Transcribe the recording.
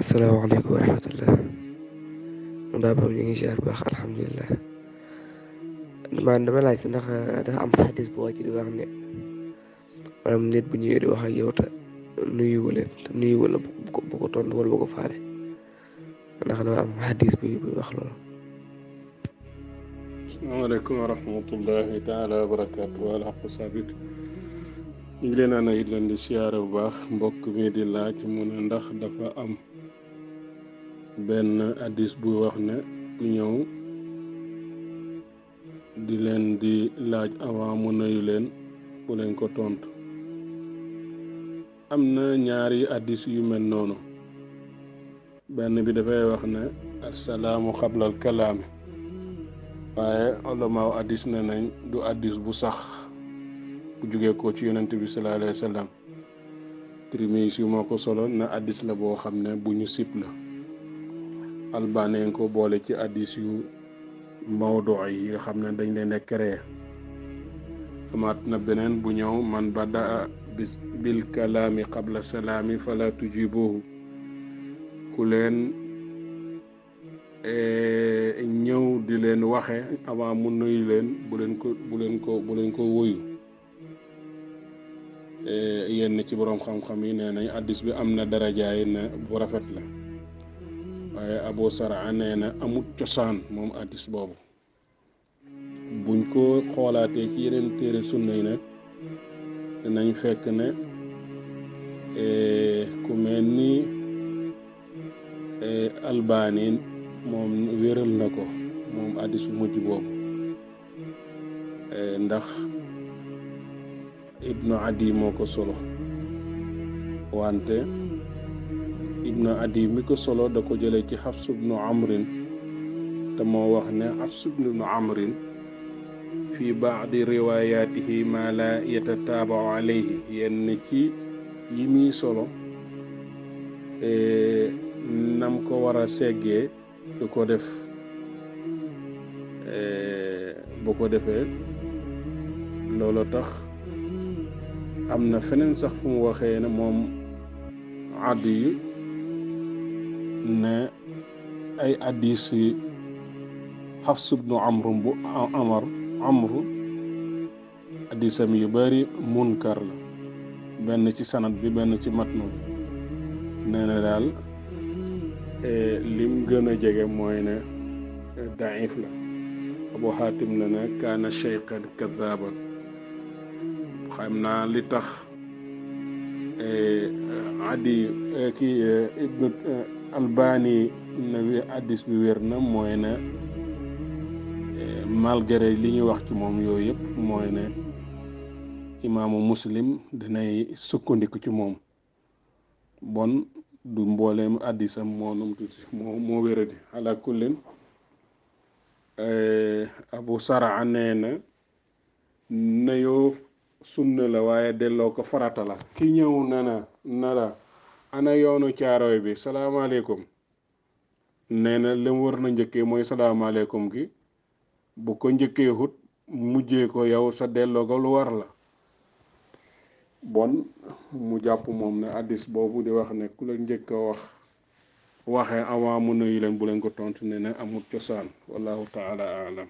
asalaamaaleykum wa rahmatullah ñun daal boobu ñu ngi ziar baax alhamdulilah ma dama laaj ndax dafa am xadis bu wàcc wax ne maanaam nit bu ñëwee di faale ndax am xadis buy buy wax loolu. asalaamaaleykum wa rahmatullahi taala wa barakaatu wal haqq sabit ñu ngi leen a nuyu leen di siyaare baax mbokk mi laaj mu ne ndax dafa am benn addis bu wax ne ku ñëw di leen di laaj avant mën nañu leen bu leen ko tontu am na ñaari addis yu mel noonu benn bi dafay wax ne assalaamu xablal kalaami waaye olamaaw addis ne nañ du addis bu sax bu jóge ko ci yonent bi sallallahu alayhi wa sallam ko solo na addis la boo xam ne bu ñu sib la Albani nga ko boole ci addis yu mawdu yi nga xam na dañ leen a créé amaat na beneen bu ñëw man badaa bil kalaami xabla salaami fala tujibuhu ku leen eh, ñëw di leen waxe avant mu nuyu leen bu leen ko bu leen yenn eh, ci boroom xam-xam yi nee nañ addis bi am na darajaay na bu rafet la waaye Abu Sar'a nee na amut cosaan moom addis boobu buñ ko xoolaatee ci yeneen téere sunna yi nag dinañ fekk ne eh, ku mel ni eh, Albani moom wéral na ko moom addis mujj boobu eh, ndax Ibnu Adi moo ko solo wante ibnu adi mi ko solo da ko jëlee ci xafs ibnu amrin te moo wax ne xafs ibnu amrin fi baadi riwaayaatihi ma la yatataabau alayhi yenn ci yi muy solo e, nam ko war a seggee du ko def e, bu ko defee loolu tax am na feneen sax fu mu waxee ne moom àddu ne ay addis yi Xafs ibnu amru amru addisam yu bari munkar la benn ci sanat bi benn ci matnu bi nee daal e, lim gën a jege mooy ne e, daif la abu xaatim ne kaana cheykhan kazaban xam naa li tax e, adi albani no wi addis bi werna mooy ne e, malgré li ñu wax ci moom yooyu yëpp mooy ne imaamu muslim danay sukkandiku ci moom bon du mbooleem addisam moo num tut moo moo wéradi ala kullin e, abu saraa nee na nayoo sunna la waaye delloo ko farata la ki ñëw na na na la ana yowno caaroy bi salaamaaleykum nee na lim war na njëkkee mooy salaamaaleykum gi bu ko njëkkee hut mujjee ko yow sa delloo lu war la bon mu jàpp moom ne addis boobu di wax ne ku la njëkk wax waxee avant mu nuyu leen bu leen ko tontu ne ne amut cosaan wallahu taala aalam